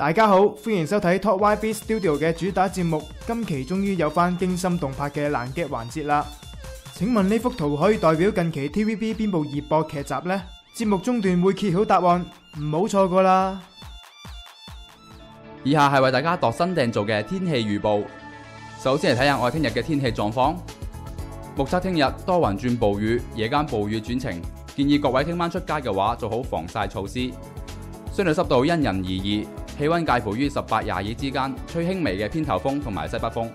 大家好，歡迎收睇 Top YB Studio 嘅主打節目。今期終於有翻驚心動魄嘅爛劇環節啦！請問呢幅圖可以代表近期 TVB 邊部熱播劇集呢？節目中段會揭曉答案，唔好錯過啦！以下係為大家度身訂造嘅天氣預報。首先嚟睇下我哋聽日嘅天氣狀況，目測聽日多雲轉暴雨，夜間暴雨轉晴，建議各位聽晚出街嘅話做好防晒措施。相對濕度因人而異。氣溫介乎於十八廿二之間，吹輕微嘅偏頭風同埋西北風。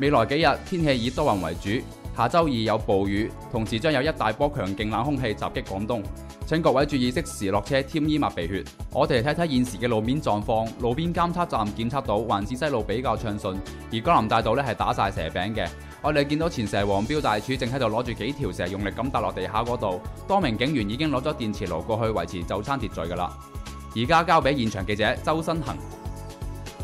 未來幾日天氣以多雲為主，下周二有暴雨，同時將有一大波強勁冷空氣襲擊廣東，請各位注意適時落車添衣物鼻血。我哋睇睇現時嘅路面狀況，路邊監測站檢測到環市西路比較暢順，而江南大道呢係打晒蛇餅嘅。我哋見到前蛇王標大廚正喺度攞住幾條蛇用力咁踏落地下嗰度，多名警員已經攞咗電磁爐過去維持早餐秩序噶啦。而家交俾現場記者周新恒。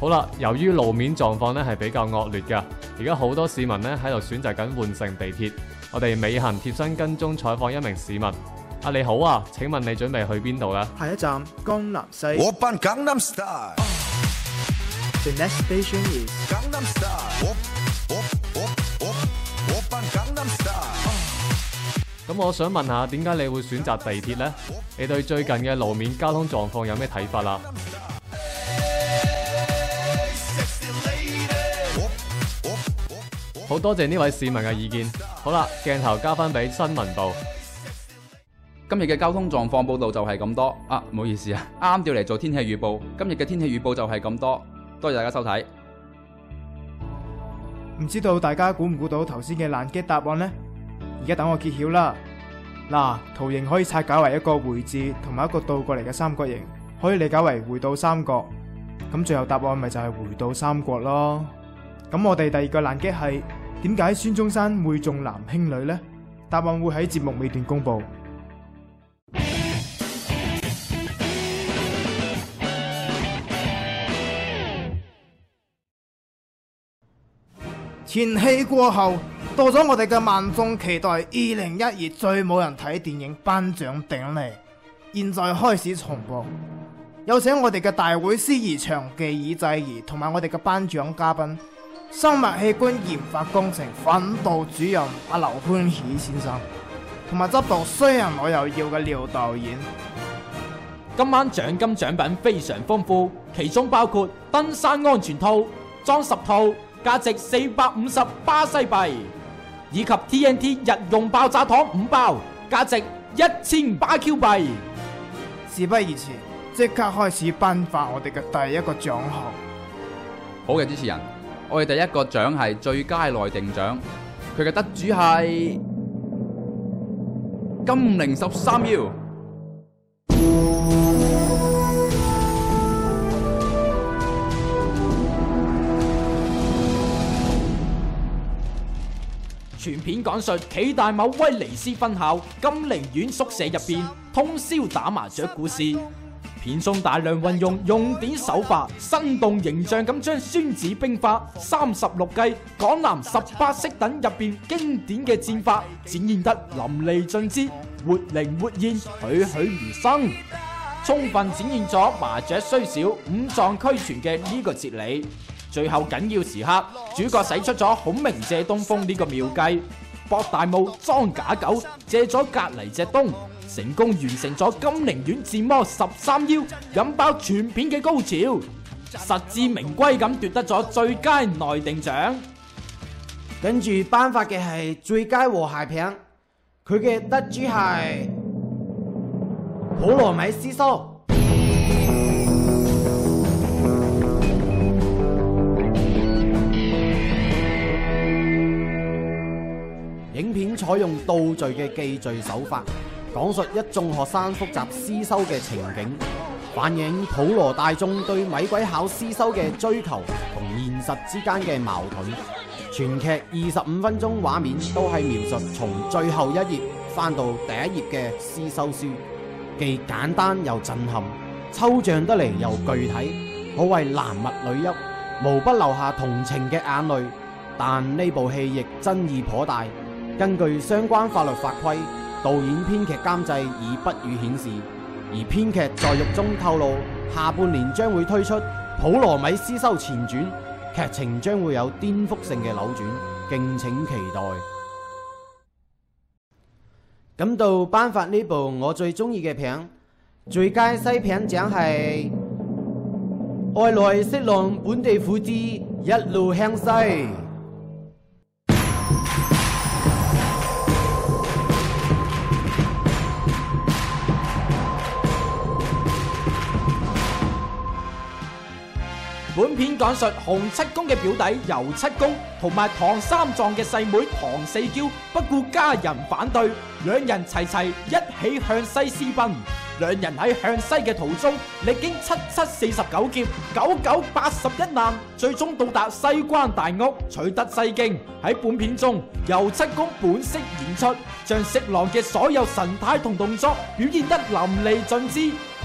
好啦，由於路面狀況咧係比較惡劣噶，而家好多市民咧喺度選擇緊換乘地鐵。我哋尾行貼身跟蹤採訪一名市民。啊你好啊，請問你準備去邊度噶？下一站江南西。咁、嗯、我想問下，點解你會選擇地鐵呢？你對最近嘅路面交通狀況有咩睇法啦？好多、hey, oh, oh, oh, oh. 謝呢位市民嘅意見。好啦，鏡頭交翻俾新聞部。今日嘅交通狀況報道就係咁多。啊，唔好意思啊，啱調嚟做天氣預報。今日嘅天氣預報就係咁多。多謝大家收睇。唔知道大家估唔估到頭先嘅爛擊答案呢？而家等我揭曉啦！嗱、啊，圖形可以拆解為一個回字同埋一個倒過嚟嘅三角形，可以理解為「回到三角」。咁最後答案咪就係「回到三角」咯。咁我哋第二個難擊係點解孫中山會重男輕女呢？答案會喺節目尾段公布。前戲過後。到咗我哋嘅萬眾期待，二零一二最冇人睇電影班長頂你，現在開始重播。有請我哋嘅大會司儀長紀以制儀，同埋我哋嘅頒獎嘉賓，生物器官研發工程分部主任阿劉歡喜先生，同埋執導《雖然我又要》嘅廖導演。今晚獎金獎品非常豐富，其中包括登山安全套裝十套，價值四百五十巴西幣。以及 TNT 日用爆炸糖五包，價值一千八 Q 幣。事不宜遲，即刻開始頒發我哋嘅第一個獎項。好嘅，主持人，我哋第一個獎係最佳內定獎，佢嘅得主係金陵十三妖。全片講述暨大某威尼斯分校金陵院宿舍入邊通宵打麻雀故事，片中大量運用用典手法，生動形象咁將《孫子兵法》三十六計、《港南十八式》等入邊經典嘅戰法展現得淋漓盡致、活靈活現、栩栩如生，充分展現咗麻雀雖小，五臟俱全嘅呢個哲理。最後緊要時刻，主角使出咗孔明借東風呢個妙計，博大霧裝假狗，借咗隔籬隻東，成功完成咗金陵院智魔十三幺，引爆全片嘅高潮，實至名歸咁奪得咗最佳內定獎，跟住頒發嘅係最佳和諧片，佢嘅得主係普羅米修斯。影片採用倒敘嘅記敘手法，講述一眾學生復習思修嘅情景，反映普羅大眾對米鬼考思修嘅追求同現實之間嘅矛盾。全劇二十五分鐘畫面都係描述從最後一頁翻到第一頁嘅思修書，既簡單又震撼，抽象得嚟又具體，可謂男默女泣，無不留下同情嘅眼淚。但呢部戲亦爭議頗大。根據相關法律法規，導演、編劇、監製已不予顯示。而編劇在獄中透露，下半年將會推出《普羅米修斯前傳》，劇情將會有顛覆性嘅扭轉，敬請期待。咁到頒發呢部我最中意嘅片《最佳西片獎》係《外來色狼本地虎之一路向西》。本片講述洪七公嘅表弟尤七公同埋唐三藏嘅細妹、妹唐四嬌不顧家人反對，兩人齊齊一起向西私奔。兩人喺向西嘅途中，歷經七七四十九劫，九九八十一難，最終到達西關大屋，取得西經。喺本片中，尤七公本色演出，將色狼嘅所有神態同動作表現得淋漓盡致。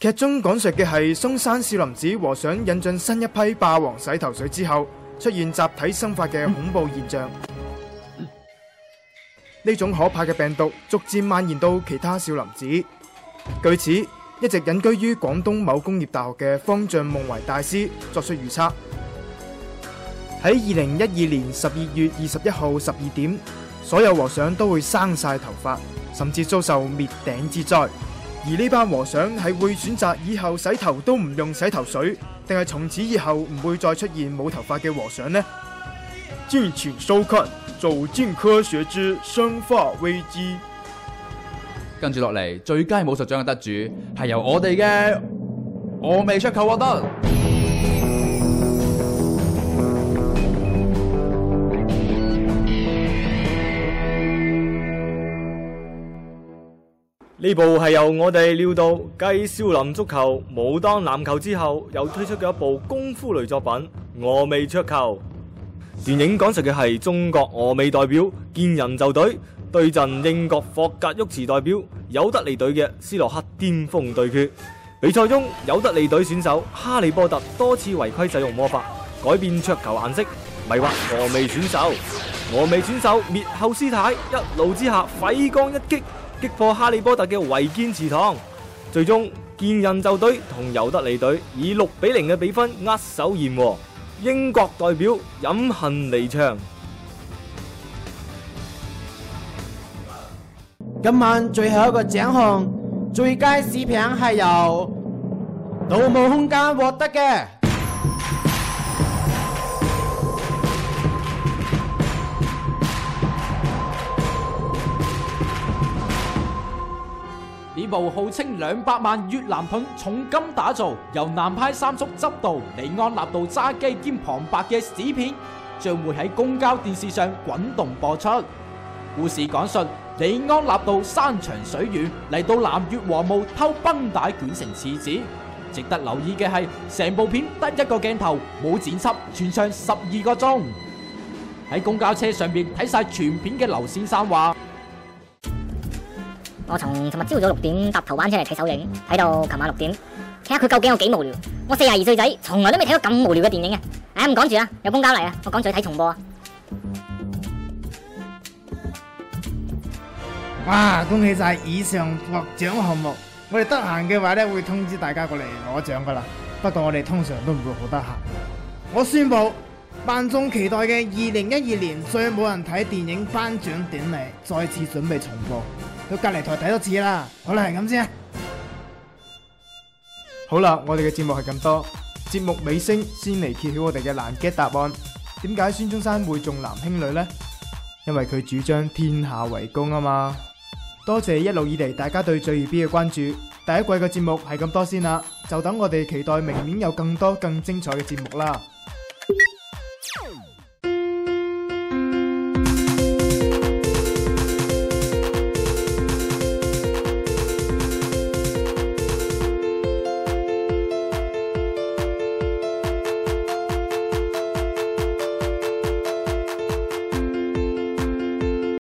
劇中講述嘅係嵩山少林寺和尚引進新一批霸王洗頭水之後，出現集體生髮嘅恐怖現象。呢種可怕嘅病毒逐漸蔓延到其他少林寺。據此，一直隱居於廣東某工業大學嘅方丈夢維大師作出預測：喺二零一二年十二月二十一號十二點，所有和尚都會生晒頭髮，甚至遭受滅頂之災。而呢班和尚係會選擇以後洗頭都唔用洗頭水，定係從此以後唔會再出現冇頭髮嘅和尚呢？敬請收看《走進科學之生化危機》。跟住落嚟，最佳武術獎嘅得主係由我哋嘅我未出球獲得。呢部係由我哋料到《繼少林足球》《武當籃球》之後，又推出嘅一部功夫類作品《峨眉桌球》。電影講述嘅係中國峨眉代表見人就懟，對陣英國霍格沃茨代表有得利隊嘅斯洛克巔峰對決。比賽中有得利隊選手哈利波特多次違規使用魔法改變桌球顏色，迷惑峨眉選手。峨眉選手滅後師太一怒之下，揮光一擊。擊破《哈利波特》嘅圍堅池塘，最終劍人就隊同尤德尼隊以六比零嘅比分握手言和，英國代表飲恨離場。今晚最後一個獎項，最佳視頻係由《盜墓空間》獲得嘅。部號稱兩百萬越南盾重金打造，由南派三叔執導，李安納度揸機兼旁白嘅紙片，將會喺公交電視上滾動播出。故事講述李安納度山長水遠嚟到南越和務偷繃帶捲成廁紙。值得留意嘅係，成部片得一個鏡頭冇剪輯，全長十二個鐘。喺公交車上面睇晒全片嘅劉先生話。我從尋日朝早六點搭頭班車嚟睇首映，睇到琴晚六點，睇下佢究竟有幾無聊。我四十二歲仔，從來都未睇過咁無聊嘅電影啊！唉，唔講住啦，有公交嚟啊，我趕住去睇重播啊。哇！恭喜晒以上獲獎項目，我哋得閒嘅話咧會通知大家過嚟攞獎噶啦。不過我哋通常都唔會好得閒。我宣布，萬眾期待嘅二零一二年最冇人睇電影頒獎典禮再次準備重播。都隔籬台睇多次啦，好啦係咁先。好啦，我哋嘅節目係咁多。節目尾聲先嚟，揭曉我哋嘅難 get 答案。點解孫中山會重男輕女呢？因為佢主張天下為公啊嘛。多謝一路以嚟大家對最耀 B 嘅關注。第一季嘅節目係咁多先啦，就等我哋期待明年有更多更精彩嘅節目啦。